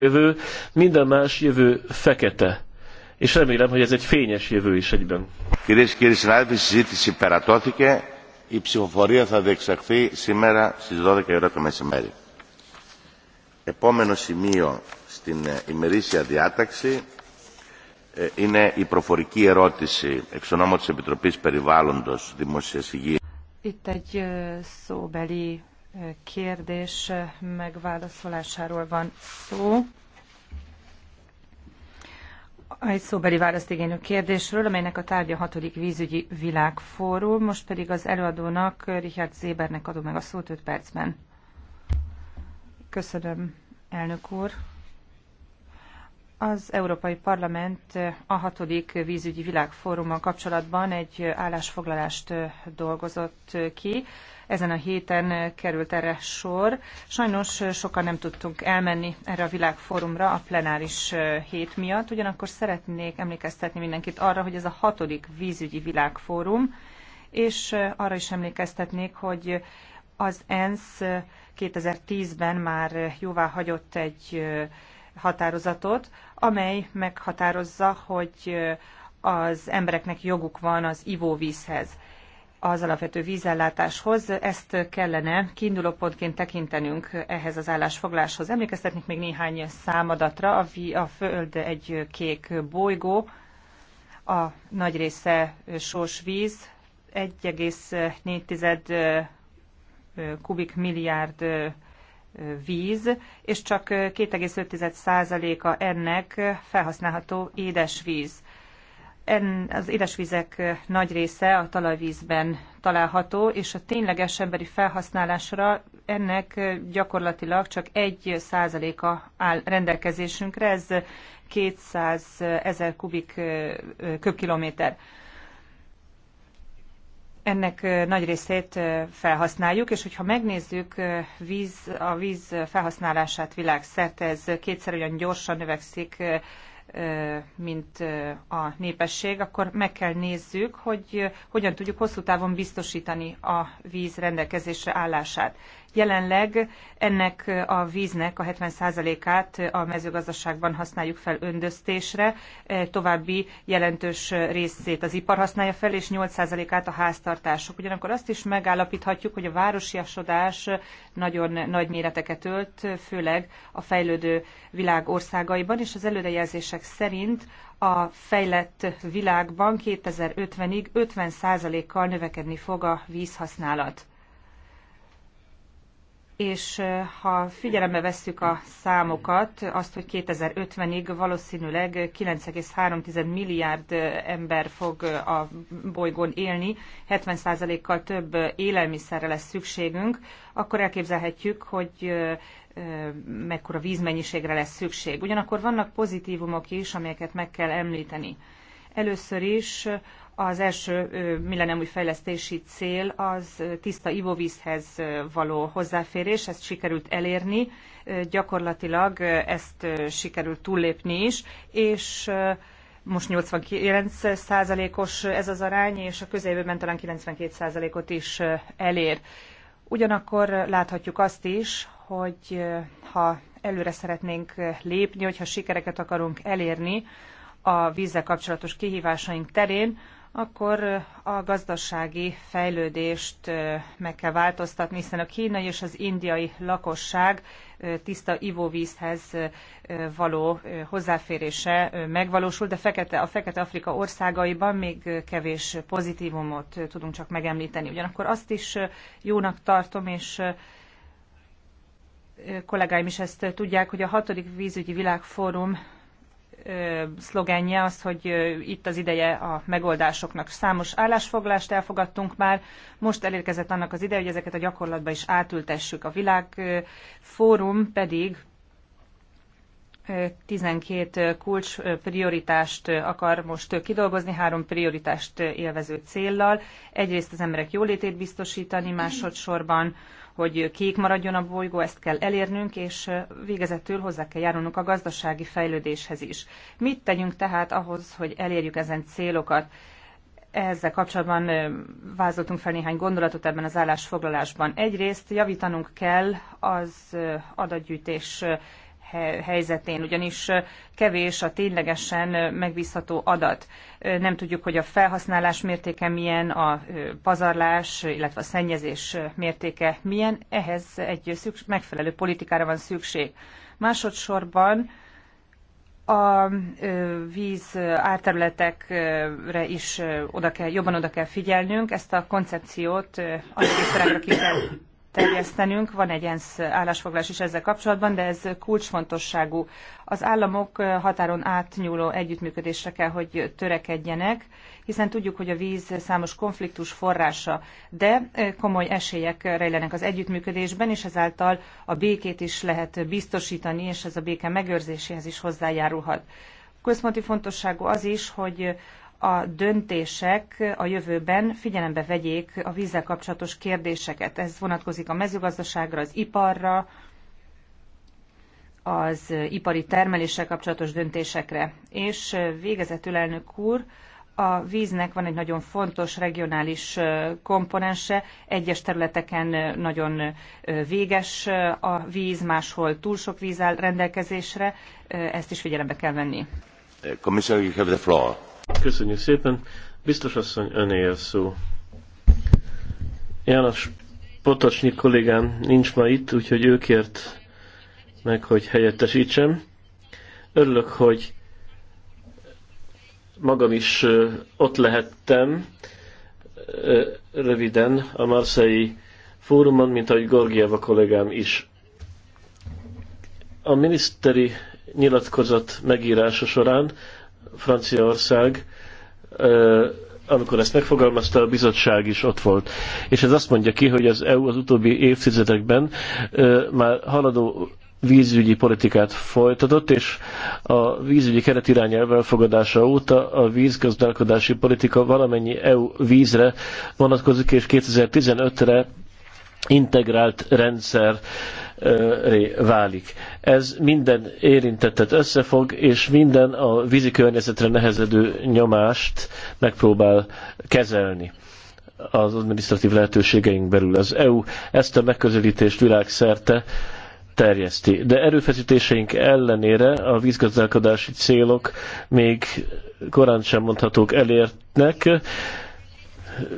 jövő, minden más jövő fekete. És remélem, hogy ez egy fényes jövő is egyben. Κυρίες και κύριοι συνάδελφοι, η συζήτηση περατώθηκε. Η ψηφοφορία θα διεξαχθεί σήμερα στις 12 ώρα το μεσημέρι. Επόμενο σημείο στην ημερήσια διάταξη είναι η προφορική ερώτηση εξ ονόμου της Επιτροπής Περιβάλλοντος Δημόσιας Υγείας. Itt egy szóbeli kérdés megválaszolásáról van szó. Egy szóbeli választ igénylő kérdésről, amelynek a tárgya a hatodik vízügyi világfórum. Most pedig az előadónak, Richard Zébernek adom meg a szót 5 percben. Köszönöm, elnök úr. Az Európai Parlament a hatodik vízügyi világfórummal kapcsolatban egy állásfoglalást dolgozott ki, ezen a héten került erre sor. Sajnos sokan nem tudtunk elmenni erre a világfórumra a plenáris hét miatt, ugyanakkor szeretnék emlékeztetni mindenkit arra, hogy ez a hatodik vízügyi világfórum, és arra is emlékeztetnék, hogy az ENSZ 2010-ben már jóvá hagyott egy határozatot, amely meghatározza, hogy az embereknek joguk van az ivóvízhez az alapvető vízellátáshoz. Ezt kellene kiinduló pontként tekintenünk ehhez az állásfogláshoz. Emlékeztetnék még néhány számadatra. A, vi, a Föld egy kék bolygó, a nagy része sós víz, 1,4 kubik milliárd víz, és csak 2,5%-a ennek felhasználható víz en, az édesvizek nagy része a talajvízben található, és a tényleges emberi felhasználásra ennek gyakorlatilag csak egy százaléka áll rendelkezésünkre, ez 200 ezer kubik köbkilométer. Ennek nagy részét felhasználjuk, és hogyha megnézzük víz, a víz felhasználását világszerte, ez kétszer olyan gyorsan növekszik, mint a népesség, akkor meg kell nézzük, hogy hogyan tudjuk hosszú távon biztosítani a víz rendelkezésre állását. Jelenleg ennek a víznek a 70%-át a mezőgazdaságban használjuk fel öndöztésre, e, további jelentős részét az ipar használja fel, és 8%-át a háztartások. Ugyanakkor azt is megállapíthatjuk, hogy a városiasodás nagyon nagy méreteket ölt, főleg a fejlődő világ országaiban, és az előrejelzések szerint a fejlett világban 2050-ig 50%-kal növekedni fog a vízhasználat és ha figyelembe vesszük a számokat, azt, hogy 2050-ig valószínűleg 9,3 milliárd ember fog a bolygón élni, 70%-kal több élelmiszerre lesz szükségünk, akkor elképzelhetjük, hogy mekkora vízmennyiségre lesz szükség. Ugyanakkor vannak pozitívumok is, amelyeket meg kell említeni. Először is az első millenem új fejlesztési cél az tiszta ivóvízhez való hozzáférés, ezt sikerült elérni, gyakorlatilag ezt sikerült túllépni is, és most 89 százalékos ez az arány, és a közeljövőben talán 92 százalékot is elér. Ugyanakkor láthatjuk azt is, hogy ha előre szeretnénk lépni, hogyha sikereket akarunk elérni a vízzel kapcsolatos kihívásaink terén, akkor a gazdasági fejlődést meg kell változtatni, hiszen a kínai és az indiai lakosság tiszta ivóvízhez való hozzáférése megvalósul, de fekete, a Fekete-Afrika országaiban még kevés pozitívumot tudunk csak megemlíteni. Ugyanakkor azt is jónak tartom, és kollégáim is ezt tudják, hogy a hatodik vízügyi világfórum szlogenje az, hogy itt az ideje a megoldásoknak. Számos állásfoglalást elfogadtunk már, most elérkezett annak az ideje, hogy ezeket a gyakorlatba is átültessük. A világfórum pedig 12 kulcs prioritást akar most kidolgozni, három prioritást élvező céllal. Egyrészt az emberek jólétét biztosítani, másodszorban, hogy kék maradjon a bolygó, ezt kell elérnünk, és végezetül hozzá kell járulnunk a gazdasági fejlődéshez is. Mit tegyünk tehát ahhoz, hogy elérjük ezen célokat? Ezzel kapcsolatban vázoltunk fel néhány gondolatot ebben az állásfoglalásban. Egyrészt javítanunk kell az adatgyűjtés helyzetén, ugyanis kevés a ténylegesen megbízható adat. Nem tudjuk, hogy a felhasználás mértéke milyen, a pazarlás, illetve a szennyezés mértéke milyen. Ehhez egy megfelelő politikára van szükség. Másodszorban a víz árterületekre is oda kell, jobban oda kell figyelnünk, ezt a koncepciót a szerepre ki kell terjesztenünk. Van egy ENSZ állásfoglalás is ezzel kapcsolatban, de ez kulcsfontosságú. Az államok határon átnyúló együttműködésre kell, hogy törekedjenek, hiszen tudjuk, hogy a víz számos konfliktus forrása, de komoly esélyek rejlenek az együttműködésben, és ezáltal a békét is lehet biztosítani, és ez a béke megőrzéséhez is hozzájárulhat. Központi fontosságú az is, hogy a döntések a jövőben figyelembe vegyék a vízzel kapcsolatos kérdéseket. Ez vonatkozik a mezőgazdaságra, az iparra, az ipari termeléssel kapcsolatos döntésekre. És végezetül, elnök úr, a víznek van egy nagyon fontos regionális komponense. Egyes területeken nagyon véges a víz, máshol túl sok víz áll rendelkezésre. Ezt is figyelembe kell venni. Commissioner, you have the floor. Köszönjük szépen. Biztos asszony, öné a szó. János Potocsnyi kollégám nincs ma itt, úgyhogy ő kért meg, hogy helyettesítsem. Örülök, hogy magam is ott lehettem röviden a Marseille fórumon, mint ahogy Gorgieva kollégám is. A miniszteri nyilatkozat megírása során Franciaország, amikor ezt megfogalmazta, a bizottság is ott volt. És ez azt mondja ki, hogy az EU az utóbbi évtizedekben már haladó vízügyi politikát folytatott, és a vízügyi keretirányelv elfogadása óta a vízgazdálkodási politika valamennyi EU vízre vonatkozik, és 2015-re integrált rendszer válik. Ez minden érintettet összefog, és minden a vízi környezetre nehezedő nyomást megpróbál kezelni az adminisztratív lehetőségeink belül. Az EU ezt a megközelítést világszerte terjeszti. De erőfeszítéseink ellenére a vízgazdálkodási célok még korán sem mondhatók elértnek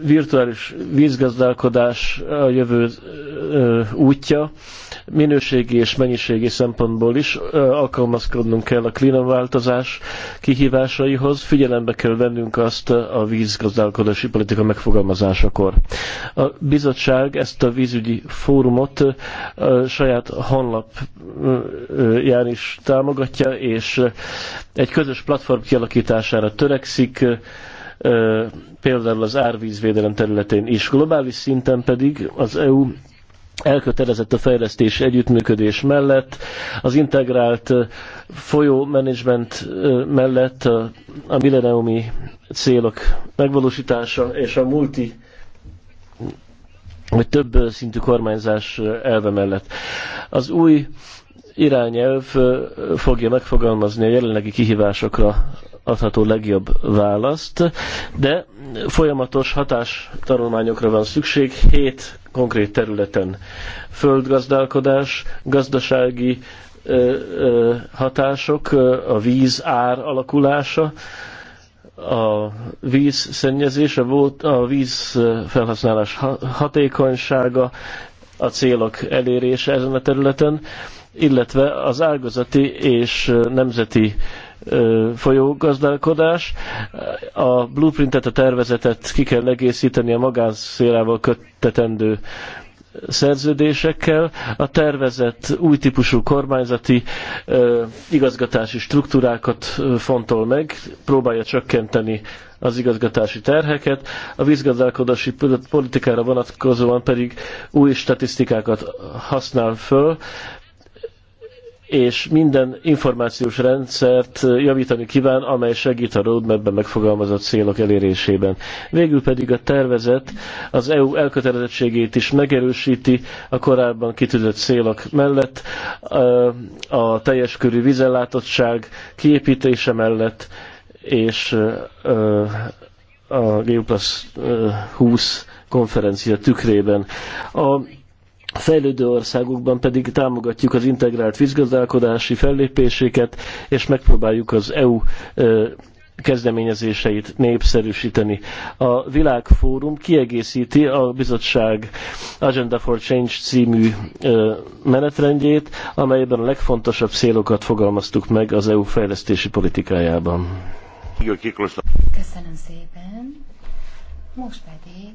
virtuális vízgazdálkodás a jövő útja, minőségi és mennyiségi szempontból is alkalmazkodnunk kell a klímaváltozás kihívásaihoz, figyelembe kell vennünk azt a vízgazdálkodási politika megfogalmazásakor. A bizottság ezt a vízügyi fórumot a saját honlapján is támogatja, és egy közös platform kialakítására törekszik, például az árvízvédelem területén is. Globális szinten pedig az EU elkötelezett a fejlesztés együttműködés mellett, az integrált folyó mellett a, millenniumi célok megvalósítása és a multi vagy több szintű kormányzás elve mellett. Az új irányelv fogja megfogalmazni a jelenlegi kihívásokra adható legjobb választ, de folyamatos hatástanulmányokra van szükség hét konkrét területen. Földgazdálkodás, gazdasági hatások, a víz ár alakulása, a vízszennyezés, a víz felhasználás hatékonysága, a célok elérése ezen a területen, illetve az ágazati és nemzeti folyógazdálkodás. A blueprintet, a tervezetet ki kell egészíteni a magánszélával kötetendő szerződésekkel. A tervezet új típusú kormányzati igazgatási struktúrákat fontol meg, próbálja csökkenteni az igazgatási terheket, a vízgazdálkodási politikára vonatkozóan pedig új statisztikákat használ föl, és minden információs rendszert javítani kíván, amely segít a roadmapben megfogalmazott célok elérésében. Végül pedig a tervezet az EU elkötelezettségét is megerősíti a korábban kitűzött célok mellett, a teljes körű vizellátottság kiépítése mellett, és a Geoplus 20 konferencia tükrében. A a fejlődő országokban pedig támogatjuk az integrált vízgazdálkodási fellépéséket, és megpróbáljuk az EU kezdeményezéseit népszerűsíteni. A Világfórum kiegészíti a bizottság Agenda for Change című menetrendjét, amelyben a legfontosabb célokat fogalmaztuk meg az EU fejlesztési politikájában. Köszönöm szépen. Most pedig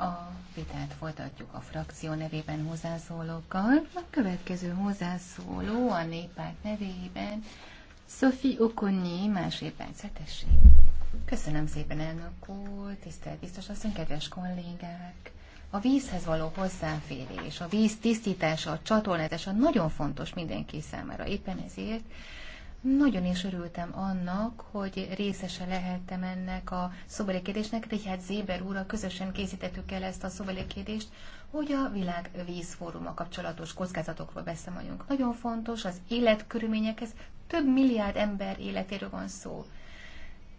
a vitát folytatjuk a frakció nevében hozzászólókkal. A következő hozzászóló a néppárt nevében Sophie Okonyi, másfél percet Köszönöm szépen, elnök úr, tisztelt biztos asszony, kedves kollégák! A vízhez való hozzáférés, a víz tisztítása, a csatornázása nagyon fontos mindenki számára. Éppen ezért nagyon is örültem annak, hogy részese lehettem ennek a szobeli de Richard Zéber úrral közösen készítettük el ezt a szobeli hogy a világ vízfóruma kapcsolatos kockázatokról beszámoljunk. Nagyon fontos az életkörülményekhez, több milliárd ember életéről van szó.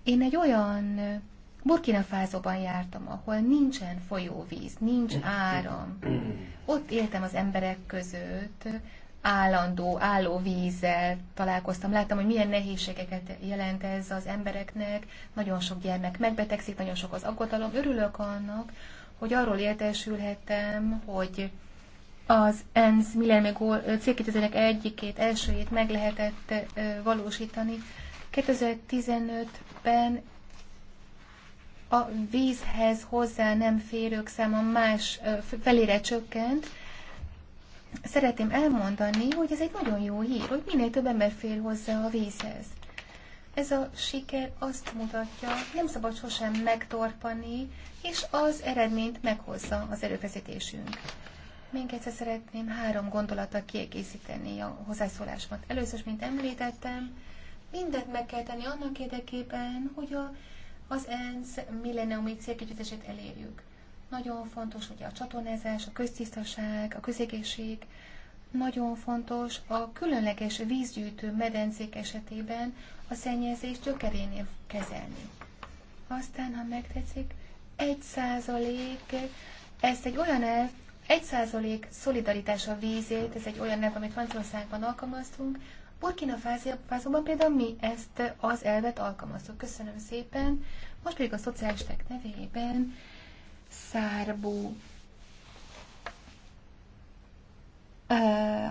Én egy olyan Burkina Fázóban jártam, ahol nincsen folyóvíz, nincs áram. Ott éltem az emberek között, állandó, álló vízzel találkoztam. Láttam, hogy milyen nehézségeket jelent ez az embereknek. Nagyon sok gyermek megbetegszik, nagyon sok az aggodalom. Örülök annak, hogy arról értesülhettem, hogy az ENSZ Millennium Goal célkitűzések egyikét, elsőjét meg lehetett valósítani. 2015-ben a vízhez hozzá nem férők száma más felére csökkent, szeretném elmondani, hogy ez egy nagyon jó hír, hogy minél több ember fér hozzá a vízhez. Ez a siker azt mutatja, nem szabad sosem megtorpani, és az eredményt meghozza az erőfeszítésünk. Még egyszer szeretném három gondolattal kiegészíteni a hozzászólásomat. Először, mint említettem, mindent meg kell tenni annak érdekében, hogy a, az ENSZ milleniumi célkitűzését elérjük. Nagyon fontos ugye a csatornázás, a köztisztaság, a közegészség, nagyon fontos a különleges vízgyűjtő medencék esetében a szennyezés gyökerénél kezelni. Aztán, ha megtetszik, egy százalék, Ez egy olyan elv, egy százalék szolidaritás a vízét, ez egy olyan elv, amit Franciaországban alkalmaztunk, Burkina Fázóban például mi ezt az elvet alkalmaztuk. Köszönöm szépen. Most pedig a szocialisták nevében Szárbú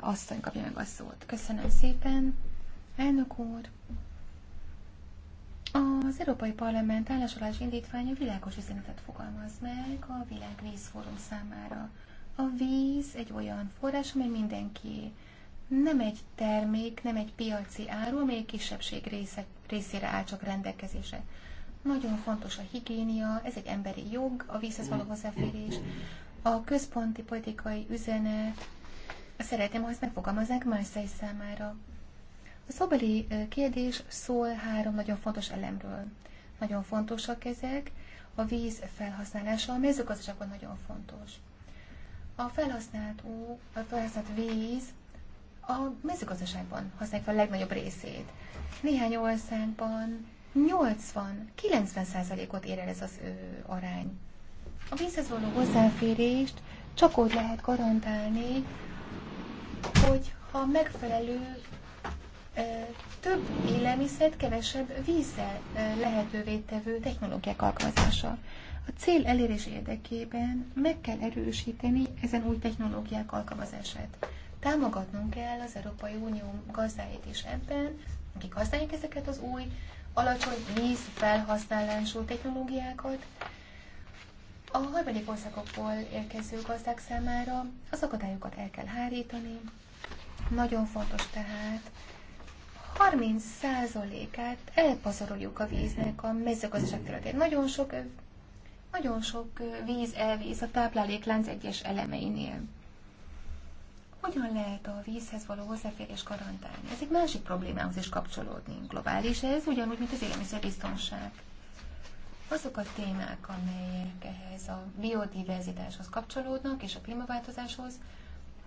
asszony kapja meg a szót. Köszönöm szépen, elnök úr. Az Európai Parlament állásolás indítványa világos üzenetet fogalmaz meg a Világ Vízfórum számára. A víz egy olyan forrás, amely mindenki nem egy termék, nem egy piaci áru, amely kisebbség része, részére áll csak rendelkezésre. Nagyon fontos a higiénia, ez egy emberi jog, a vízhez való hozzáférés. A központi politikai üzenet, szeretném, ha ezt megfogalmazzák más számára. A szobeli kérdés szól három nagyon fontos elemről. Nagyon fontosak ezek. A víz felhasználása a mezőgazdaságban nagyon fontos. A felhasznált, ó, a felhasznált víz a mezőgazdaságban használják a legnagyobb részét. Néhány országban 80-90%-ot ér el ez az ö, arány. A vízhez való hozzáférést csak úgy lehet garantálni, hogy ha megfelelő több élelmiszert kevesebb vízzel lehetővé tevő technológiák alkalmazása. A cél elérés érdekében meg kell erősíteni ezen új technológiák alkalmazását. Támogatnunk kell az Európai Unió gazdáit is ebben, akik használják ezeket az új alacsony felhasználású technológiákat, a harmadik országokból érkező gazdák számára az akadályokat el kell hárítani. Nagyon fontos tehát, 30%-át elpazaroljuk a víznek a mezőgazdaság területén. Nagyon sok, nagyon sok víz elvíz a tápláléklánc egyes elemeinél hogyan lehet a vízhez való hozzáférés garantálni? Ez egy másik problémához is kapcsolódni globális, ez ugyanúgy, mint az élelmiszerbiztonság. Azok a témák, amelyek ehhez a biodiverzitáshoz kapcsolódnak, és a klímaváltozáshoz,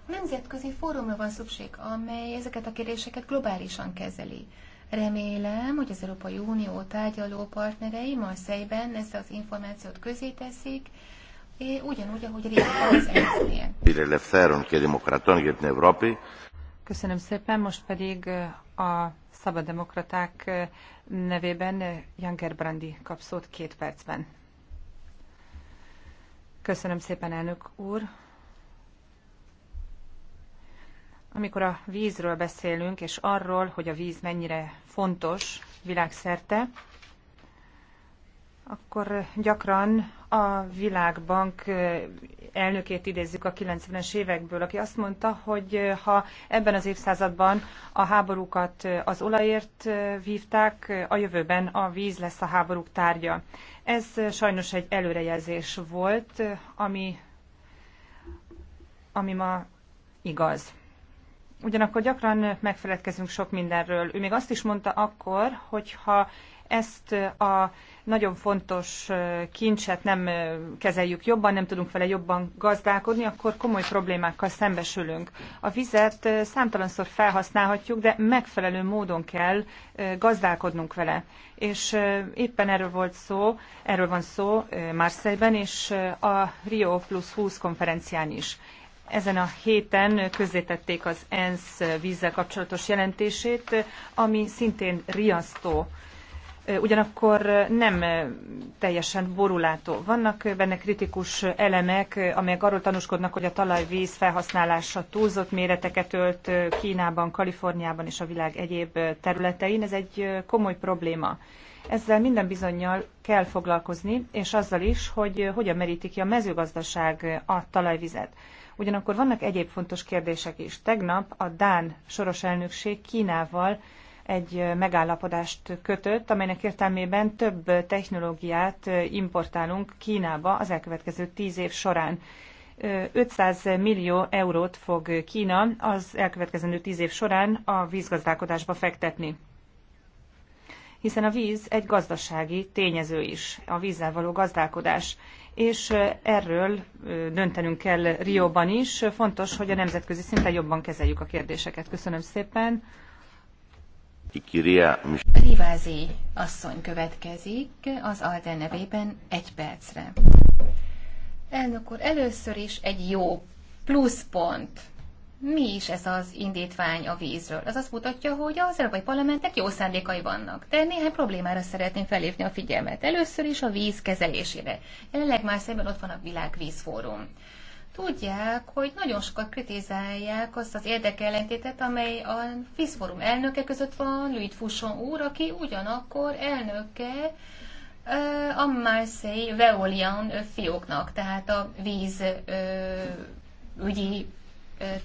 nemzetközi fórumra van szükség, amely ezeket a kérdéseket globálisan kezeli. Remélem, hogy az Európai Unió tárgyaló partnerei Marseille-ben ezt az információt közé teszik, ugyanúgy, ahogy ritka az ENSZ-nél. Köszönöm szépen, most pedig a szabad demokraták nevében Janker Brandi kap szót két percben. Köszönöm szépen, elnök úr. Amikor a vízről beszélünk, és arról, hogy a víz mennyire fontos világszerte, akkor gyakran a Világbank elnökét idézzük a 90-es évekből, aki azt mondta, hogy ha ebben az évszázadban a háborúkat az olajért vívták, a jövőben a víz lesz a háborúk tárgya. Ez sajnos egy előrejelzés volt, ami, ami ma igaz. Ugyanakkor gyakran megfeledkezünk sok mindenről. Ő még azt is mondta akkor, hogy ha ezt a nagyon fontos kincset nem kezeljük jobban, nem tudunk vele jobban gazdálkodni, akkor komoly problémákkal szembesülünk. A vizet számtalanszor felhasználhatjuk, de megfelelő módon kell gazdálkodnunk vele. És éppen erről volt szó, erről van szó Marseille-ben és a Rio Plus 20 konferencián is. Ezen a héten közzétették az ENSZ vízzel kapcsolatos jelentését, ami szintén riasztó ugyanakkor nem teljesen borulátó. Vannak benne kritikus elemek, amelyek arról tanúskodnak, hogy a talajvíz felhasználása túlzott méreteket ölt Kínában, Kaliforniában és a világ egyéb területein. Ez egy komoly probléma. Ezzel minden bizonyal kell foglalkozni, és azzal is, hogy hogyan meríti ki a mezőgazdaság a talajvizet. Ugyanakkor vannak egyéb fontos kérdések is. Tegnap a Dán soros elnökség Kínával egy megállapodást kötött, amelynek értelmében több technológiát importálunk Kínába az elkövetkező tíz év során. 500 millió eurót fog Kína az elkövetkező tíz év során a vízgazdálkodásba fektetni. Hiszen a víz egy gazdasági tényező is, a vízzel való gazdálkodás. És erről döntenünk kell Rióban is. Fontos, hogy a nemzetközi szinten jobban kezeljük a kérdéseket. Köszönöm szépen. Rivázi asszony következik az Alden nevében egy percre. Elnök úr, először is egy jó pluszpont. Mi is ez az indítvány a vízről? Az azt mutatja, hogy az európai parlamentnek jó szándékai vannak, de néhány problémára szeretném felhívni a figyelmet. Először is a víz kezelésére. Jelenleg már szemben ott van a világvízfórum tudják, hogy nagyon sokat kritizálják azt az érdekellentétet, amely a FISZFORUM elnöke között van, Louis Fusson úr, aki ugyanakkor elnöke a Marseille Veolian fióknak, tehát a víz ügyi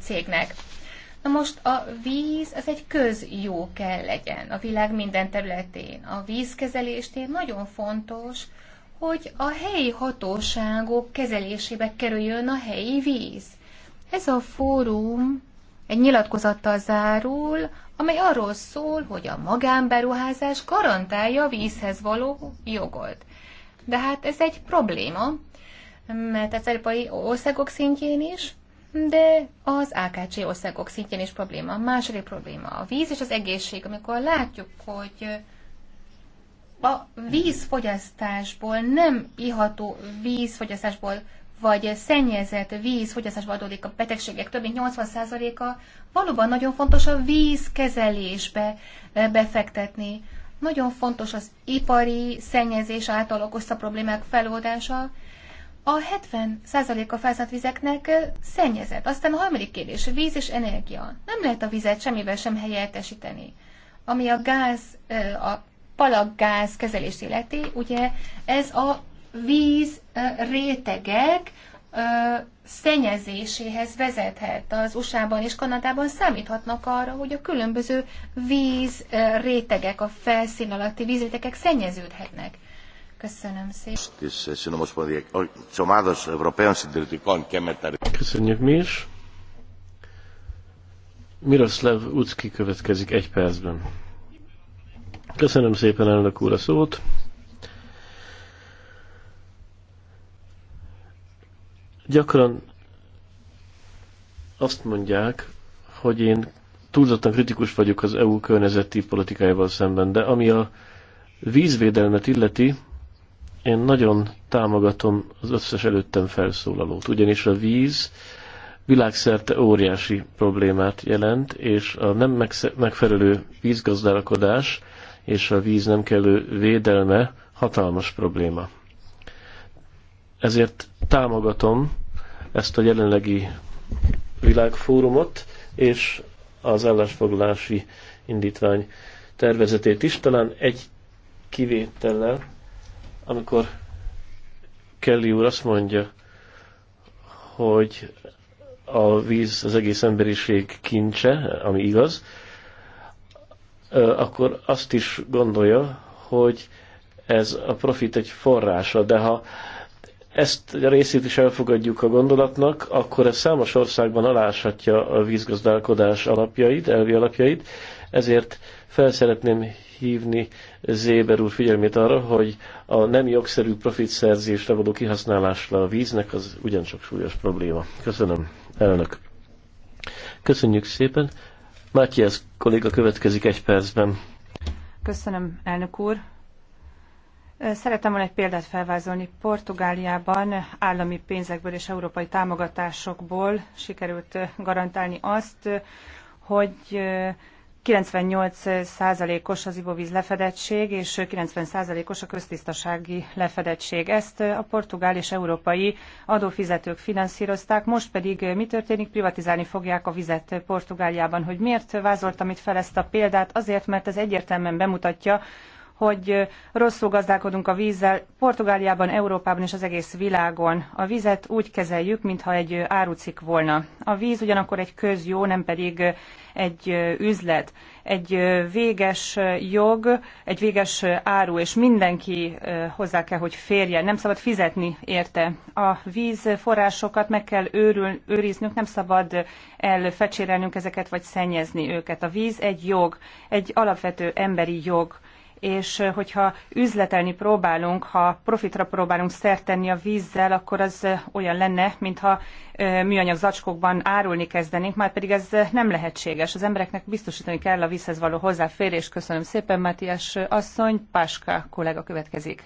cégnek. Na most a víz, ez egy közjó kell legyen a világ minden területén. A vízkezelésnél nagyon fontos, hogy a helyi hatóságok kezelésébe kerüljön a helyi víz. Ez a fórum egy nyilatkozattal zárul, amely arról szól, hogy a magánberuházás garantálja a vízhez való jogot. De hát ez egy probléma, mert az európai országok szintjén is, de az AKC országok szintjén is probléma. A második probléma a víz és az egészség. Amikor látjuk, hogy a vízfogyasztásból, nem iható vízfogyasztásból, vagy szennyezett vízfogyasztásból adódik a betegségek több mint 80%-a, valóban nagyon fontos a vízkezelésbe eh, befektetni. Nagyon fontos az ipari szennyezés által okozta problémák feloldása. A 70%-a felszállt vizeknek eh, szennyezett. Aztán a harmadik kérdés, víz és energia. Nem lehet a vizet semmivel sem helyettesíteni. Ami a gáz, eh, a palaggáz kezelés életé, ugye ez a víz rétegek szennyezéséhez vezethet. Az USA-ban és Kanadában számíthatnak arra, hogy a különböző víz rétegek, a felszín alatti vízrétegek szennyeződhetnek. Köszönöm szépen. Eh, Köszönjük mi is. Miroslav Ucki következik egy percben. Köszönöm szépen elnök úr a szót. Gyakran azt mondják, hogy én túlzottan kritikus vagyok az EU környezeti politikájával szemben, de ami a vízvédelmet illeti, én nagyon támogatom az összes előttem felszólalót, ugyanis a víz világszerte óriási problémát jelent, és a nem megfelelő vízgazdálkodás és a víz nem kellő védelme hatalmas probléma. Ezért támogatom ezt a jelenlegi világfórumot, és az állásfoglalási indítvány tervezetét is, talán egy kivétellel, amikor Kelly úr azt mondja, hogy a víz az egész emberiség kincse, ami igaz, akkor azt is gondolja, hogy ez a profit egy forrása, de ha ezt a részét is elfogadjuk a gondolatnak, akkor ez számos országban aláshatja a vízgazdálkodás alapjait, elvi alapjait, ezért fel szeretném hívni Zéber úr figyelmét arra, hogy a nem jogszerű profitszerzésre való kihasználásra a víznek az ugyancsak súlyos probléma. Köszönöm, elnök. Köszönjük szépen. Mátyás kolléga következik egy percben. Köszönöm, elnök úr. Szerettem volna egy példát felvázolni. Portugáliában állami pénzekből és európai támogatásokból sikerült garantálni azt, hogy 98%-os az ivóvíz lefedettség, és 90%-os a köztisztasági lefedettség. Ezt a portugál és európai adófizetők finanszírozták, most pedig mi történik? Privatizálni fogják a vizet Portugáliában. Hogy miért vázoltam itt fel ezt a példát? Azért, mert ez egyértelműen bemutatja, hogy rosszul gazdálkodunk a vízzel Portugáliában, Európában és az egész világon. A vizet úgy kezeljük, mintha egy árucik volna. A víz ugyanakkor egy közjó, nem pedig egy üzlet, egy véges jog, egy véges áru, és mindenki hozzá kell, hogy férjen. Nem szabad fizetni érte. A vízforrásokat meg kell őrül, őriznünk, nem szabad elfecsérelnünk ezeket, vagy szennyezni őket. A víz egy jog, egy alapvető emberi jog és hogyha üzletelni próbálunk, ha profitra próbálunk szert tenni a vízzel, akkor az olyan lenne, mintha műanyag zacskókban árulni kezdenénk, már pedig ez nem lehetséges. Az embereknek biztosítani kell a vízhez való hozzáférés. Köszönöm szépen, Matias asszony. Páska kollega következik.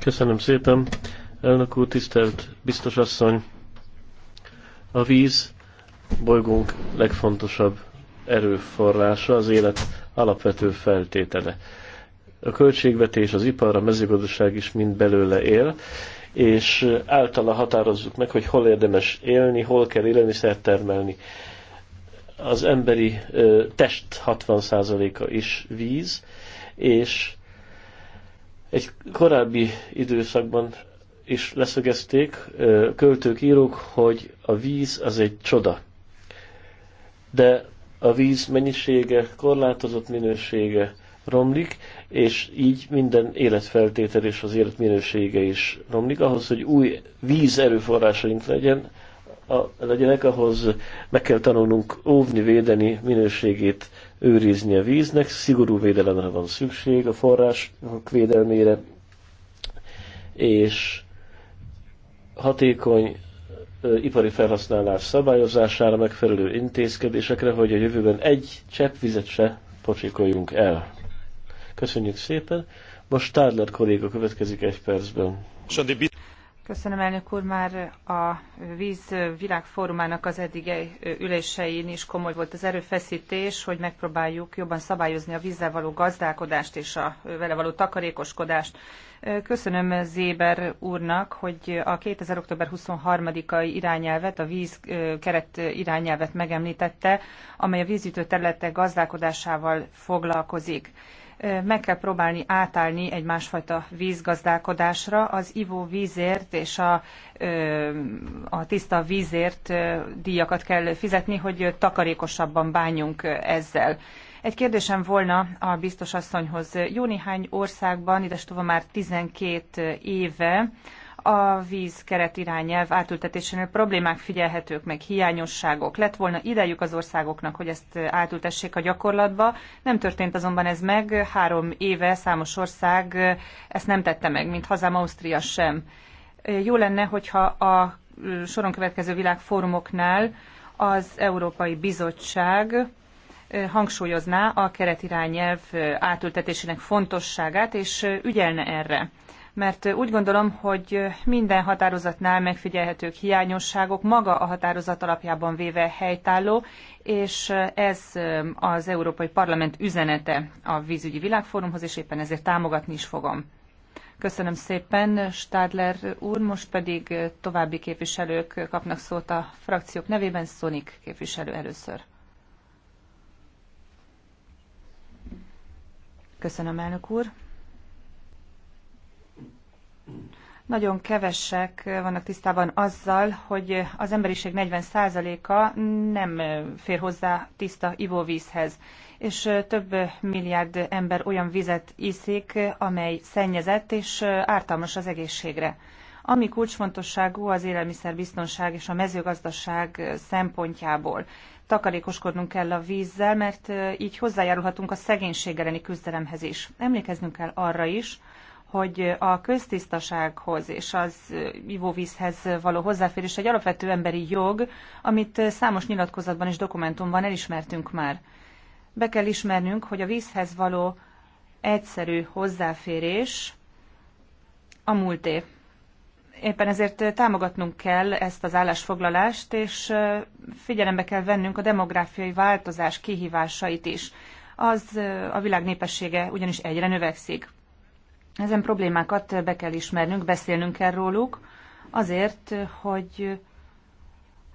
Köszönöm szépen. Elnök úr, tisztelt biztos asszony. A víz bolygónk legfontosabb erőforrása, az élet alapvető feltétele. A költségvetés, az ipar, a mezőgazdaság is mind belőle él, és általa határozzuk meg, hogy hol érdemes élni, hol kell élelmiszert termelni. Az emberi ö, test 60%-a is víz, és egy korábbi időszakban is leszögezték költők, írók, hogy a víz az egy csoda. De a víz mennyisége, korlátozott minősége romlik, és így minden életfeltétel és az élet minősége is romlik. Ahhoz, hogy új víz erőforrásaink legyen, a, legyenek, ahhoz meg kell tanulnunk óvni, védeni, minőségét őrizni a víznek, szigorú védelemre van szükség, a források védelmére, és hatékony ipari felhasználás szabályozására, megfelelő intézkedésekre, hogy a jövőben egy csepp vizet se pocsikoljunk el. Köszönjük szépen! Most Stadler kolléga következik egy percben. Köszönöm, elnök úr. Már a víz világfórumának az eddigi ülésein is komoly volt az erőfeszítés, hogy megpróbáljuk jobban szabályozni a vízzel való gazdálkodást és a vele való takarékoskodást. Köszönöm Zéber úrnak, hogy a 2000. október 23-ai irányelvet, a víz keret irányelvet megemlítette, amely a vízütő területek gazdálkodásával foglalkozik meg kell próbálni átállni egy másfajta vízgazdálkodásra. Az ivóvízért és a, a tiszta vízért díjakat kell fizetni, hogy takarékosabban bánjunk ezzel. Egy kérdésem volna a biztos asszonyhoz. Jó néhány országban, idestova már 12 éve, a víz keretirányelv átültetésénél problémák figyelhetők meg, hiányosságok. Lett volna idejük az országoknak, hogy ezt átültessék a gyakorlatba. Nem történt azonban ez meg. Három éve számos ország ezt nem tette meg, mint hazám Ausztria sem. Jó lenne, hogyha a soron következő világfórumoknál az Európai Bizottság hangsúlyozná a keretirányelv átültetésének fontosságát, és ügyelne erre mert úgy gondolom, hogy minden határozatnál megfigyelhetők hiányosságok, maga a határozat alapjában véve helytálló, és ez az Európai Parlament üzenete a vízügyi világfórumhoz, és éppen ezért támogatni is fogom. Köszönöm szépen, Stadler úr, most pedig további képviselők kapnak szót a frakciók nevében, Szonik képviselő először. Köszönöm, elnök úr. Nagyon kevesek vannak tisztában azzal, hogy az emberiség 40%-a nem fér hozzá tiszta ivóvízhez, és több milliárd ember olyan vizet iszik, amely szennyezett és ártalmas az egészségre ami kulcsfontosságú az élelmiszerbiztonság és a mezőgazdaság szempontjából. Takarékoskodnunk kell a vízzel, mert így hozzájárulhatunk a szegénység elleni küzdelemhez is. Emlékeznünk kell arra is, hogy a köztisztasághoz és az ivóvízhez való hozzáférés egy alapvető emberi jog, amit számos nyilatkozatban és dokumentumban elismertünk már. Be kell ismernünk, hogy a vízhez való egyszerű hozzáférés a múlté. Éppen ezért támogatnunk kell ezt az állásfoglalást, és figyelembe kell vennünk a demográfiai változás kihívásait is. Az a világ népessége ugyanis egyre növekszik. Ezen problémákat be kell ismernünk, beszélnünk kell róluk, azért, hogy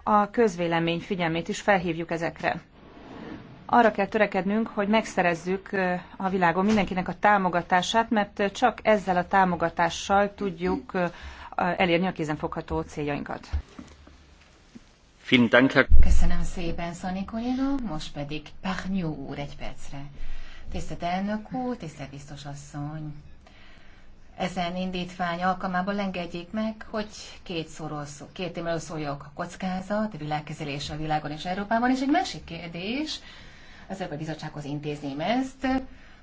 a közvélemény figyelmét is felhívjuk ezekre. Arra kell törekednünk, hogy megszerezzük a világon mindenkinek a támogatását, mert csak ezzel a támogatással tudjuk elérni a kézenfogható céljainkat. Köszönöm szépen, Szani most pedig Párnyú úr egy percre. Tisztelt elnök úr, tisztelt biztos asszony, ezen indítvány alkalmából engedjék meg, hogy két, szóról szó, két témáról szóljak. A kockázat, a világkezelés a világon és Európában, és egy másik kérdés, az Európai Bizottsághoz intézném ezt,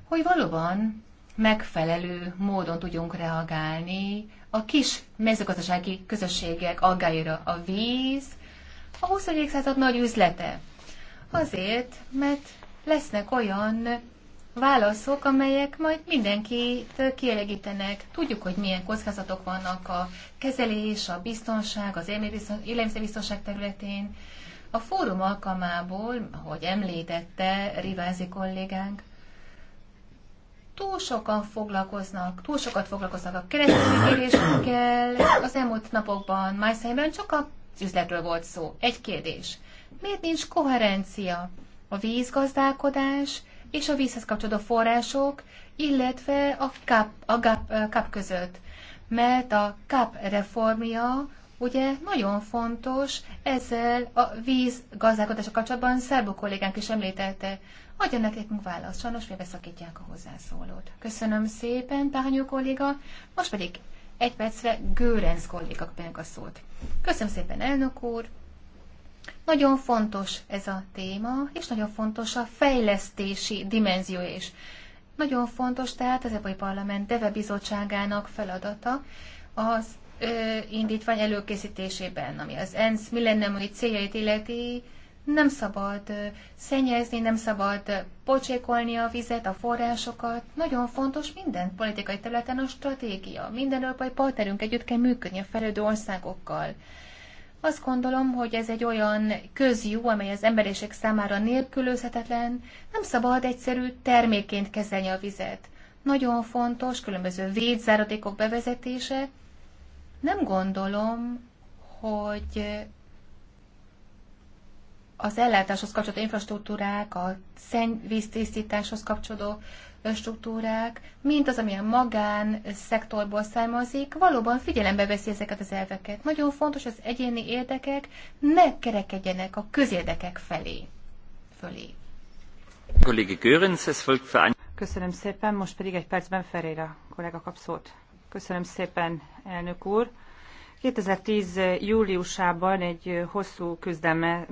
hogy valóban megfelelő módon tudjunk reagálni a kis mezőgazdasági közösségek aggájára a víz, a 20. század nagy üzlete. Azért, mert lesznek olyan válaszok, amelyek majd mindenkit kielégítenek. Tudjuk, hogy milyen kockázatok vannak a kezelés, a biztonság, az élelmiszerbiztonság területén. A fórum alkalmából, ahogy említette Rivázi kollégánk, túl sokan foglalkoznak, túl sokat foglalkoznak a kereskedelmi Az elmúlt napokban Májszájban csak a üzletről volt szó. Egy kérdés. Miért nincs koherencia? A vízgazdálkodás és a vízhez kapcsolódó források, illetve a kap, a kap, kap között. Mert a kap reformja ugye nagyon fontos, ezzel a víz gazdálkodása kapcsolatban szerbo kollégánk is említette. Adjon nekünk választ, sajnos veszakítják a hozzászólót. Köszönöm szépen, Pányó kolléga, most pedig egy percre Gőrenc kolléga a szót. Köszönöm szépen, elnök úr! Nagyon fontos ez a téma, és nagyon fontos a fejlesztési dimenzió is. Nagyon fontos tehát az Európai Parlament Deve Bizottságának feladata az ö, indítvány előkészítésében, ami az ENSZ millenniumi céljait illeti, nem szabad ö, szennyezni, nem szabad ö, pocsékolni a vizet, a forrásokat. Nagyon fontos minden politikai területen a stratégia. Minden európai partnerünk együtt kell működni a fejlődő országokkal. Azt gondolom, hogy ez egy olyan közjú, amely az emberiség számára nélkülözhetetlen, nem szabad egyszerű termékként kezelni a vizet. Nagyon fontos különböző védzáradékok bevezetése. Nem gondolom, hogy az ellátáshoz kapcsolódó infrastruktúrák, a szennyvíztisztításhoz kapcsolódó struktúrák, mint az, ami a magán szektorból származik, valóban figyelembe veszi ezeket az elveket. Nagyon fontos, az egyéni érdekek ne kerekedjenek a közérdekek felé, fölé. Köszönöm szépen, most pedig egy percben Ferreira kollega kap szót. Köszönöm szépen, elnök úr. 2010. júliusában egy hosszú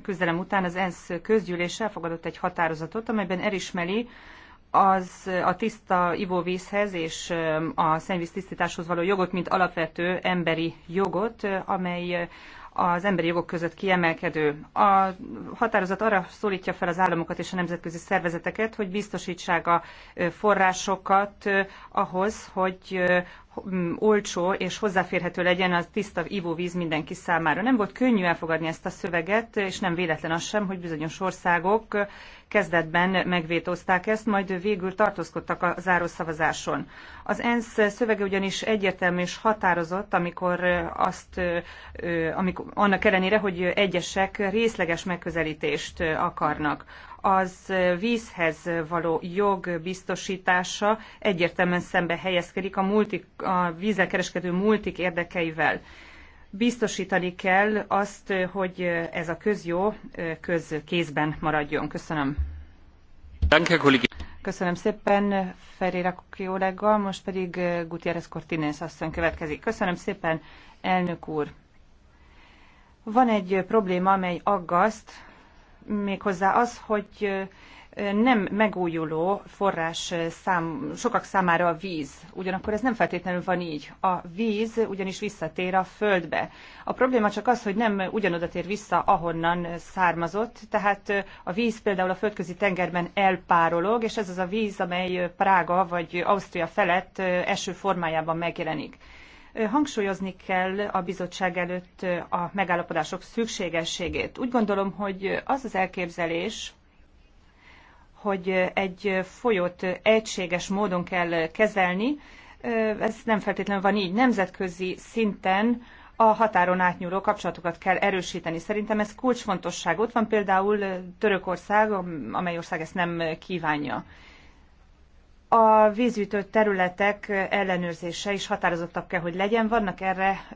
küzdelem után az ENSZ közgyűlés elfogadott egy határozatot, amelyben elismeri az a tiszta ivóvízhez és a szennyvíz tisztításhoz való jogot, mint alapvető emberi jogot, amely az emberi jogok között kiemelkedő. A határozat arra szólítja fel az államokat és a nemzetközi szervezeteket, hogy biztosítsák a forrásokat ahhoz, hogy olcsó és hozzáférhető legyen az tiszta ivóvíz mindenki számára. Nem volt könnyű elfogadni ezt a szöveget, és nem véletlen az sem, hogy bizonyos országok kezdetben megvétózták ezt, majd végül tartózkodtak a zárószavazáson. Az ENSZ szövege ugyanis egyértelmű és határozott, amikor azt, amikor, annak ellenére, hogy egyesek részleges megközelítést akarnak az vízhez való jog biztosítása egyértelműen szembe helyezkedik a, multik, a vízzel kereskedő multik érdekeivel. Biztosítani kell azt, hogy ez a közjó közkézben maradjon. Köszönöm. Köszönöm szépen Ferreira kollega, most pedig eh, Gutiérrez Cortines asszony következik. Köszönöm szépen, elnök úr. Van egy probléma, amely aggaszt, méghozzá az, hogy nem megújuló forrás szám, sokak számára a víz. Ugyanakkor ez nem feltétlenül van így. A víz ugyanis visszatér a földbe. A probléma csak az, hogy nem ugyanoda tér vissza, ahonnan származott. Tehát a víz például a földközi tengerben elpárolog, és ez az a víz, amely Prága vagy Ausztria felett eső formájában megjelenik. Hangsúlyozni kell a bizottság előtt a megállapodások szükségességét. Úgy gondolom, hogy az az elképzelés, hogy egy folyót egységes módon kell kezelni, ez nem feltétlenül van így. Nemzetközi szinten a határon átnyúló kapcsolatokat kell erősíteni. Szerintem ez kulcsfontosság. Ott van például Törökország, amely ország ezt nem kívánja a vízütött területek ellenőrzése is határozottabb kell, hogy legyen. Vannak erre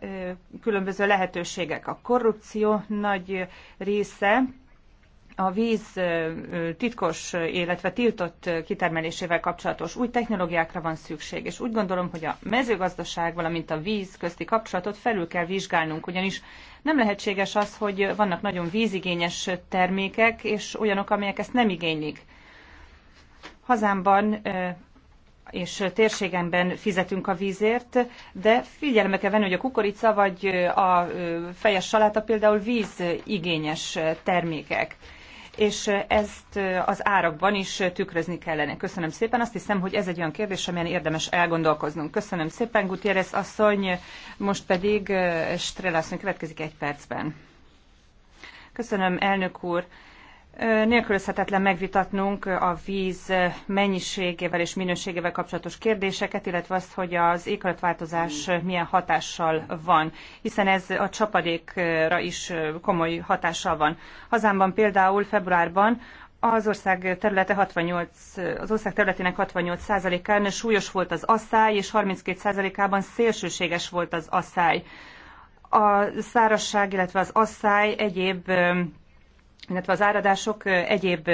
különböző lehetőségek. A korrupció nagy része a víz titkos, illetve tiltott kitermelésével kapcsolatos új technológiákra van szükség, és úgy gondolom, hogy a mezőgazdaság, valamint a víz közti kapcsolatot felül kell vizsgálnunk, ugyanis nem lehetséges az, hogy vannak nagyon vízigényes termékek, és olyanok, amelyek ezt nem igénylik Hazámban és térségemben fizetünk a vízért, de figyelembe kell venni, hogy a kukorica vagy a fejes saláta például vízigényes termékek és ezt az árakban is tükrözni kellene. Köszönöm szépen. Azt hiszem, hogy ez egy olyan kérdés, amilyen érdemes elgondolkoznunk. Köszönöm szépen, Gutierrez asszony. Most pedig Strela asszony következik egy percben. Köszönöm, elnök úr nélkülözhetetlen megvitatnunk a víz mennyiségével és minőségével kapcsolatos kérdéseket, illetve azt, hogy az éghajlatváltozás milyen hatással van, hiszen ez a csapadékra is komoly hatással van. Hazámban például februárban az ország, területe 68, az ország területének 68%-án súlyos volt az asszály, és 32%-ában szélsőséges volt az asszály. A szárasság, illetve az asszály egyéb illetve az áradások egyéb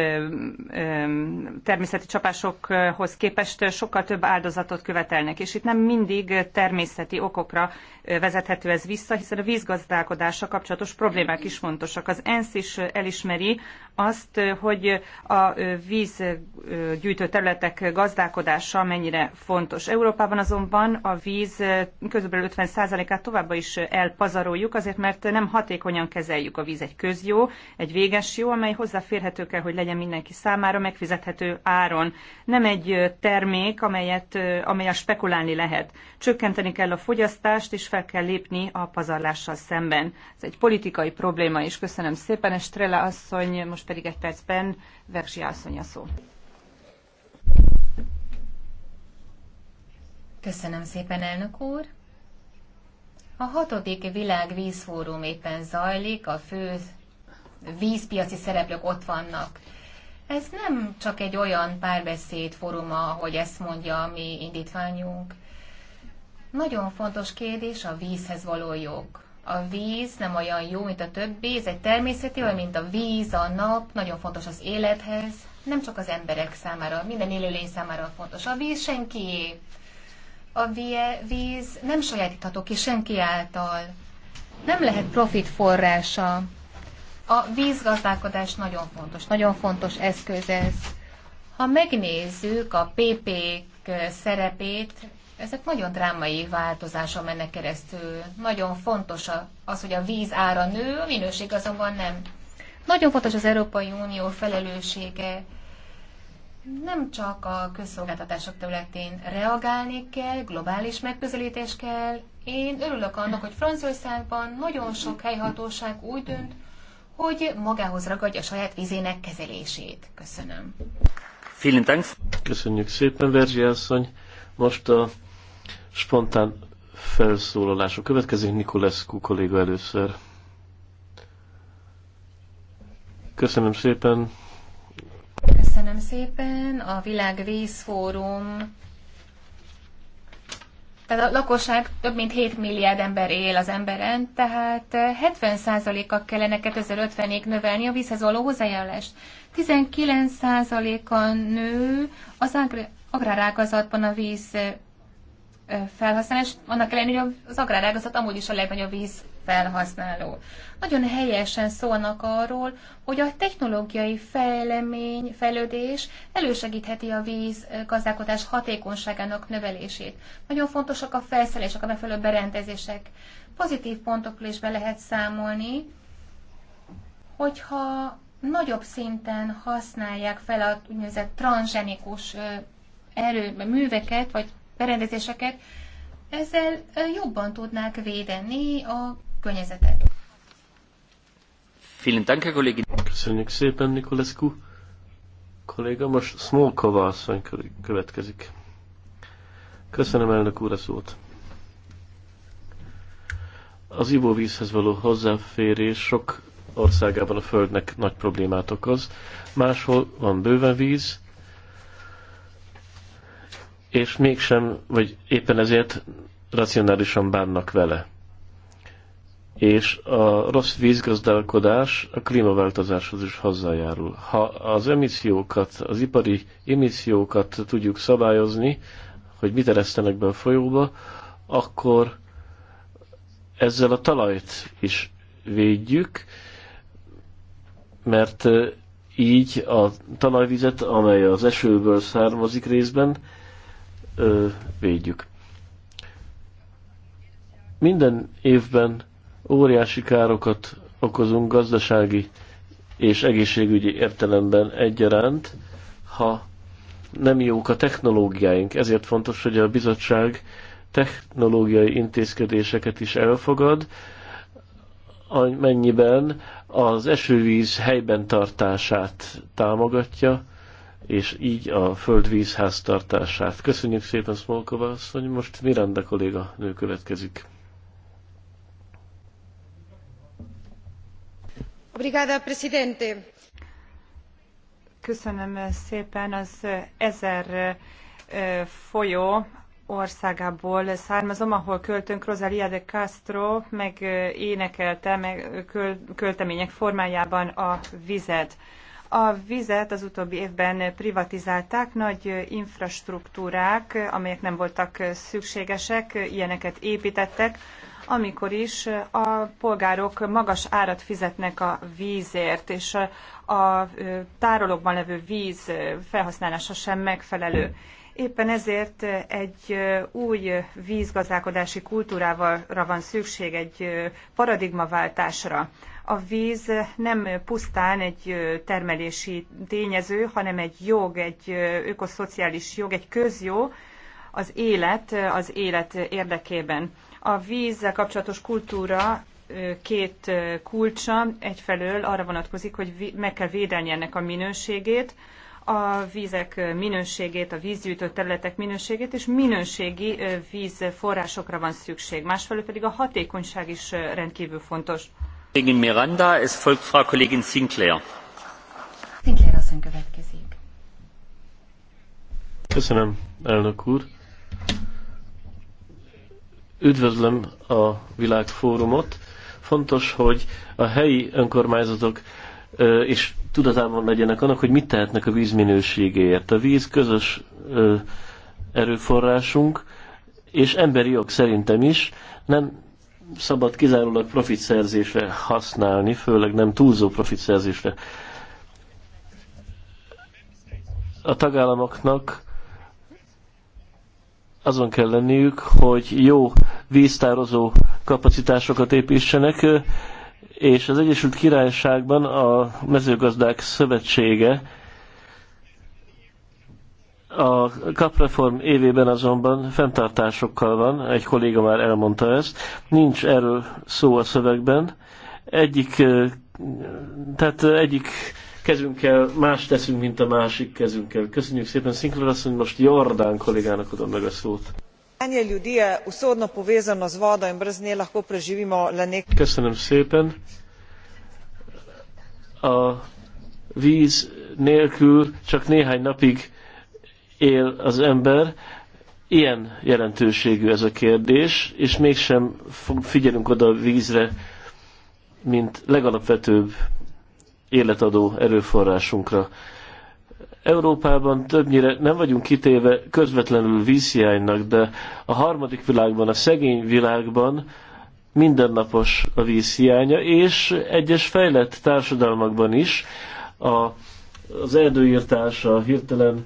természeti csapásokhoz képest sokkal több áldozatot követelnek, és itt nem mindig természeti okokra vezethető ez vissza, hiszen a vízgazdálkodással kapcsolatos problémák is fontosak. Az ENSZ is elismeri azt, hogy a vízgyűjtő területek gazdálkodása mennyire fontos. Európában azonban a víz körülbelül 50%-át továbbá is elpazaroljuk, azért mert nem hatékonyan kezeljük a víz egy közjó, egy vége egységes jó, amely hozzáférhető kell, hogy legyen mindenki számára megfizethető áron. Nem egy termék, amelyet, amelyet spekulálni lehet. Csökkenteni kell a fogyasztást, és fel kell lépni a pazarlással szemben. Ez egy politikai probléma is. Köszönöm szépen, Estrella asszony, most pedig egy percben Versi asszony a szó. Köszönöm szépen, elnök úr! A hatodik vízfórum éppen zajlik, a fő vízpiaci szereplők ott vannak. Ez nem csak egy olyan párbeszéd foruma, hogy ezt mondja a mi indítványunk. Nagyon fontos kérdés a vízhez való jog. A víz nem olyan jó, mint a többi, ez egy természeti, olyan, mint a víz, a nap, nagyon fontos az élethez, nem csak az emberek számára, minden élőlény számára fontos. A víz senkié. A víz nem sajátítható ki senki által. Nem lehet profit forrása a vízgazdálkodás nagyon fontos, nagyon fontos eszköz ez. Ha megnézzük a pp szerepét, ezek nagyon drámai változása mennek keresztül. Nagyon fontos az, hogy a víz ára nő, a minőség azonban nem. Nagyon fontos az Európai Unió felelőssége. Nem csak a közszolgáltatások területén reagálni kell, globális megközelítés kell. Én örülök annak, hogy Franciaországban nagyon sok helyhatóság úgy dönt, hogy magához ragadja saját vizének kezelését. Köszönöm. Köszönjük szépen, Verzsi asszony. Most a spontán felszólalások következik. Nikolescu kolléga először. Köszönöm szépen. Köszönöm szépen. A Világ Vízfórum tehát a lakosság több mint 7 milliárd ember él az emberen, tehát 70%-kal eh, kellene 2050-ig növelni a vízhez való hozzájárulást. 19%-a nő az agrárágazatban a víz eh, eh, felhasználás, annak ellenére, hogy az agrárágazat amúgy is a legnagyobb víz felhasználó. Nagyon helyesen szólnak arról, hogy a technológiai fejlemény, fejlődés elősegítheti a víz gazdálkodás hatékonyságának növelését. Nagyon fontosak a felszerelések, a megfelelő berendezések. Pozitív pontokról is be lehet számolni, hogyha nagyobb szinten használják fel a úgynevezett transgenikus erő, műveket vagy berendezéseket, ezzel jobban tudnák védeni a környezetet. Köszönjük szépen, Nikolescu kolléga. Most Smolkova asszony következik. Köszönöm elnök úr a szót. Az ivóvízhez való hozzáférés sok országában a Földnek nagy problémát okoz. Máshol van bőven víz, és mégsem, vagy éppen ezért racionálisan bánnak vele és a rossz vízgazdálkodás a klímaváltozáshoz is hozzájárul. Ha az emissziókat, az ipari emissziókat tudjuk szabályozni, hogy mit eresztenek be a folyóba, akkor ezzel a talajt is védjük, mert így a talajvizet, amely az esőből származik részben, védjük. Minden évben Óriási károkat okozunk gazdasági és egészségügyi értelemben egyaránt, ha nem jók a technológiáink. Ezért fontos, hogy a bizottság technológiai intézkedéseket is elfogad, amennyiben az esővíz helyben tartását támogatja, és így a földvíz háztartását. Köszönjük szépen, Smolkova asszony. Most Miranda kolléga nő következik. Köszönöm szépen az ezer folyó országából származom, ahol költőnk Rosalia de Castro megénekelte meg költemények formájában a vizet. A vizet az utóbbi évben privatizálták, nagy infrastruktúrák, amelyek nem voltak szükségesek, ilyeneket építettek, amikor is a polgárok magas árat fizetnek a vízért, és a tárolókban levő víz felhasználása sem megfelelő. Éppen ezért egy új vízgazdálkodási kultúrára van szükség, egy paradigmaváltásra. A víz nem pusztán egy termelési tényező, hanem egy jog, egy ökoszociális jog, egy közjó, az élet, az élet érdekében. A vízzel kapcsolatos kultúra két kulcsa egyfelől arra vonatkozik, hogy meg kell védelni ennek a minőségét, a vízek minőségét, a vízgyűjtő területek minőségét, és minőségi vízforrásokra van szükség. Másfelől pedig a hatékonyság is rendkívül fontos. Kollégin Miranda, es folgt Frau Sinclair. Sinclair asszony következik. Köszönöm, elnök úr. Üdvözlöm a világfórumot. Fontos, hogy a helyi önkormányzatok és tudatában legyenek annak, hogy mit tehetnek a víz minőségéért. A víz közös erőforrásunk, és emberi jog szerintem is nem szabad kizárólag profitszerzésre használni, főleg nem túlzó profitszerzésre. A tagállamoknak azon kell lenniük, hogy jó víztározó kapacitásokat építsenek, és az Egyesült Királyságban a mezőgazdák szövetsége a kapreform évében azonban fenntartásokkal van, egy kolléga már elmondta ezt, nincs erről szó a szövegben, egyik, tehát egyik kezünkkel más teszünk, mint a másik kezünkkel. Köszönjük szépen, Sinclair asszony, most Jordán kollégának adom meg a szót. Köszönöm szépen. A víz nélkül csak néhány napig él az ember. Ilyen jelentőségű ez a kérdés, és mégsem figyelünk oda a vízre, mint legalapvetőbb életadó erőforrásunkra. Európában többnyire nem vagyunk kitéve közvetlenül vízhiánynak, de a harmadik világban, a szegény világban mindennapos a vízhiánya, és egyes fejlett társadalmakban is a, az erdőírtás, a hirtelen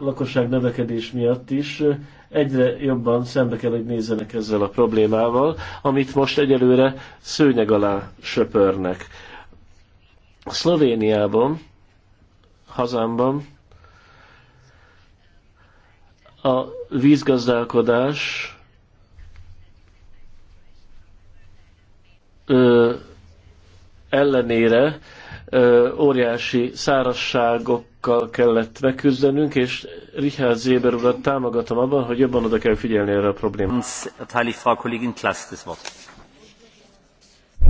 lakosság növekedés miatt is egyre jobban szembe kell, hogy nézzenek ezzel a problémával, amit most egyelőre szőnyeg alá söpörnek Szlovéniában, hazámban a vízgazdálkodás ö, ellenére ö, óriási szárasságokkal kellett megküzdenünk, és Richard Zéber urat támogatom abban, hogy jobban oda kell figyelni erre a problémára.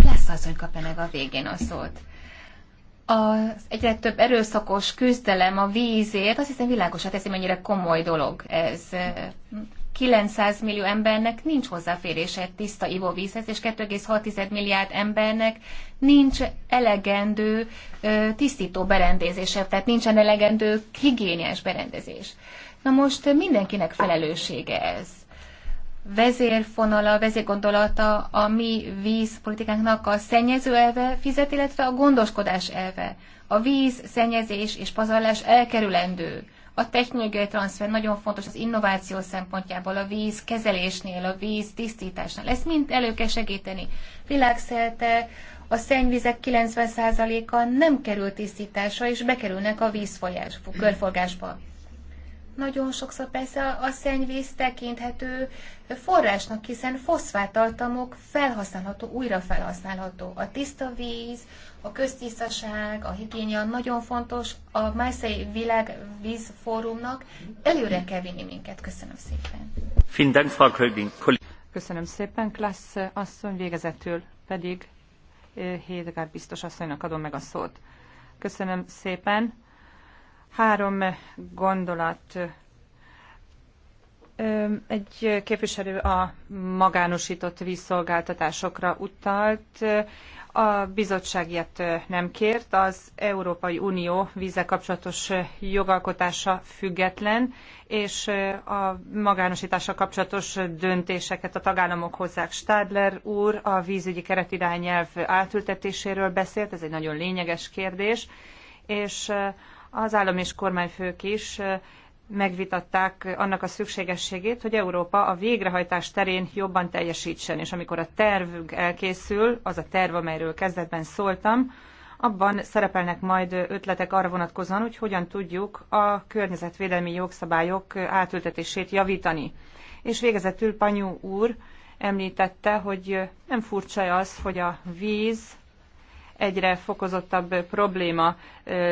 Klász asszony kapja meg a végén a szót az egyre több erőszakos küzdelem a vízért, azt hiszem ez egy mennyire komoly dolog ez. 900 millió embernek nincs hozzáférése tiszta ivóvízhez, és 2,6 milliárd embernek nincs elegendő tisztító berendezése, tehát nincsen elegendő higiéniás berendezés. Na most mindenkinek felelőssége ez vezérfonala, vezérgondolata a mi vízpolitikánknak a szennyező elve fizet, illetve a gondoskodás elve. A víz, szennyezés és pazarlás elkerülendő. A technológiai transfer nagyon fontos az innováció szempontjából, a víz kezelésnél, a víz tisztításnál. Ezt mind elő kell segíteni. Világszerte a szennyvizek 90%-a nem kerül tisztításra, és bekerülnek a vízfolyás, körforgásba nagyon sokszor persze a szennyvíz tekinthető forrásnak, hiszen foszfátartalmok felhasználható, újra felhasználható. A tiszta víz, a köztisztaság, a higiénia nagyon fontos. A Mászai Világvíz Fórumnak előre kell vinni minket. Köszönöm szépen. Köszönöm szépen, Klassz asszony, végezetül pedig eh, Hédegár biztos asszonynak adom meg a szót. Köszönöm szépen. Három gondolat. Egy képviselő a magánosított vízszolgáltatásokra utalt. A bizottság ilyet nem kért. Az Európai Unió vízzel kapcsolatos jogalkotása független, és a magánosítással kapcsolatos döntéseket a tagállamok hozzák. Stadler úr a vízügyi keretirányelv átültetéséről beszélt, ez egy nagyon lényeges kérdés, és az állam és kormányfők is megvitatták annak a szükségességét, hogy Európa a végrehajtás terén jobban teljesítsen, és amikor a tervünk elkészül, az a terv, amelyről kezdetben szóltam, abban szerepelnek majd ötletek arra vonatkozóan, hogy hogyan tudjuk a környezetvédelmi jogszabályok átültetését javítani. És végezetül Panyú úr említette, hogy nem furcsa az, hogy a víz egyre fokozottabb probléma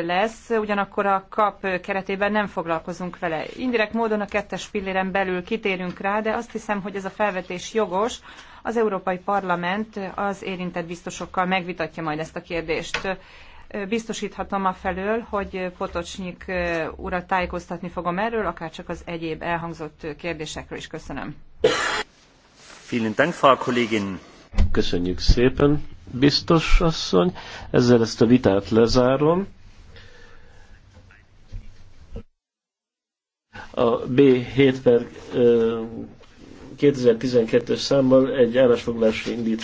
lesz, ugyanakkor a kap keretében nem foglalkozunk vele. Indirekt módon a kettes pilléren belül kitérünk rá, de azt hiszem, hogy ez a felvetés jogos. Az Európai Parlament az érintett biztosokkal megvitatja majd ezt a kérdést. Biztosíthatom a felől, hogy Potocsnyik urat tájékoztatni fogom erről, akár csak az egyéb elhangzott kérdésekről is köszönöm. Vielen Dank, Frau Kollegin. Köszönjük szépen biztos asszony. Ezzel ezt a vitát lezárom. A B7 per 2012-es számmal egy állásfoglalási indít.